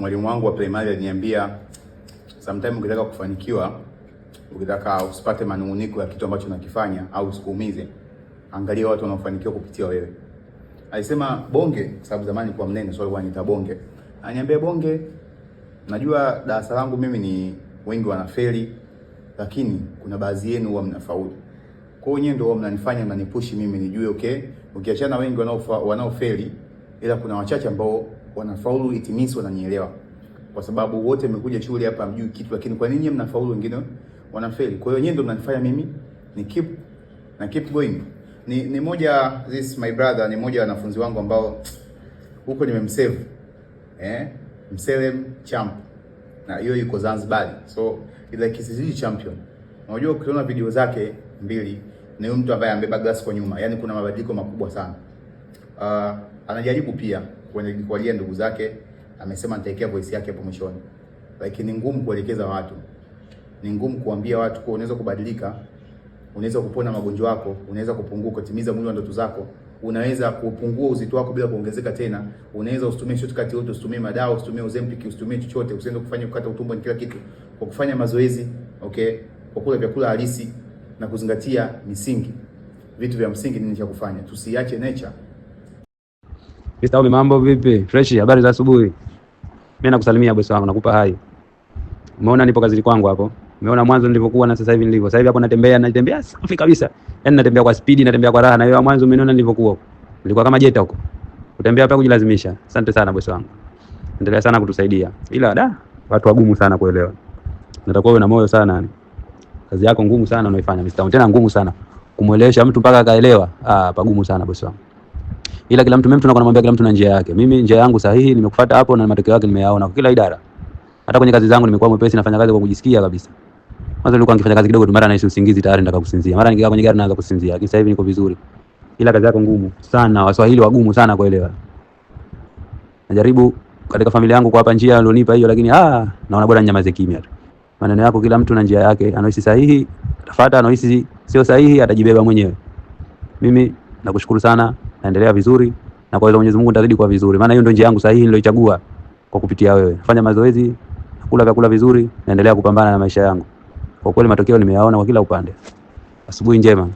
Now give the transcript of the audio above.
mwalimu wangu wa primary aliniambia sometimes ukitaka kufanikiwa, ukitaka usipate manunguniko ya kitu ambacho unakifanya au usikuumize, angalia watu wanaofanikiwa kupitia wewe. Alisema bonge, kwa sababu zamani kwa mnene sio alikuwa anita bonge. Ananiambia bonge, najua darasa langu mimi ni wengi wanafeli, lakini kuna baadhi yenu huwa mnafaulu. Kwa hiyo ndio mnanifanya mnanipushi mimi nijue okay, ukiachana wengi wanaofeli ila kuna wachache ambao wanafaulu it means wananielewa, kwa sababu wote mmekuja shule hapa mjui kitu, lakini kwa nini mnafaulu wengine wanafeli? Kwa hiyo nyinyi ndio mnanifanya mimi ni keep na keep going. Ni ni moja this my brother ni moja wanafunzi wangu ambao huko nimemsave eh, Mselem champ na hiyo yuko Zanzibar, so it's like he's champion. Unajua, ukiona video zake mbili ni huyu mtu ambaye ambeba glass kwa nyuma, yani kuna mabadiliko makubwa sana. Uh, anajaribu pia kwenye kuwajia ndugu zake, amesema nitawekea voice yake hapo mwishoni. Lakini ni ngumu kuelekeza watu, ni ngumu kuambia watu kwa unaweza kubadilika, unaweza kupona magonjwa yako, unaweza kupunguka, kutimiza mwili wa ndoto zako, unaweza kupungua uzito wako bila kuongezeka tena, unaweza usitumie shortcut yote, usitumie madawa, usitumie Ozempic, usitumie chochote, usiende kufanya kukata utumbo ni kila kitu, kwa kufanya mazoezi okay, kwa kula vyakula halisi na kuzingatia misingi, vitu vya msingi nini cha kufanya, tusiache nature Mr. Ommy mambo vipi? Fresh, habari za asubuhi. Mimi nakusalimia bosi wangu, nakupa hai. Umeona nipo kazini kwangu hapo. Umeona mwanzo nilivyokuwa na sasa hivi nilivyo. Sasa hivi hapo natembea, natembea safi kabisa. Yaani natembea kwa speed, natembea kwa raha na wewe mwanzo umeona nilivyokuwa huko. Nilikuwa kama jeta huko. Kutembea hapa kujilazimisha. Asante sana bosi wangu. Endelea sana kutusaidia. Ila da, watu wagumu sana kuelewa. Natakuwa wewe na moyo sana. Kazi yako ngumu sana unaifanya Mr. Ommy. Tena ngumu sana. Kumwelewesha mtu mpaka akaelewa. Ah, pagumu sana bosi wangu ila kila mtu mimi tunakuwa namwambia kila mtu na njia yake. Mimi njia yangu sahihi nimekufuata hapo na matokeo yake nimeyaona kwa kila idara. Hata kwenye kazi zangu nimekuwa mwepesi, nafanya kazi kwa kujisikia kabisa. Kwanza nilikuwa nikifanya kazi kidogo tu, mara naishi usingizi tayari nataka kusinzia, mara nikikaa kwenye gari naanza kusinzia, lakini sasa hivi niko vizuri. Ila kazi yako ngumu sana, waswahili wagumu sana kuelewa. Najaribu katika familia yangu kuwapa njia alionipa hiyo, lakini ah, naona bora nyamaze kimya tu. Maneno yako kila mtu na njia yake, anahisi sahihi atafuata, anahisi sio sahihi atajibeba mwenyewe. Mimi nakushukuru sana naendelea vizuri na kwa hilo Mwenyezi Mungu nitazidi kuwa vizuri, maana hiyo ndio njia yangu sahihi niliyoichagua kwa kupitia wewe. Fanya mazoezi, kula vyakula vizuri, naendelea kupambana na maisha yangu. Kwa kweli matokeo nimeyaona kwa kila upande. Asubuhi njema.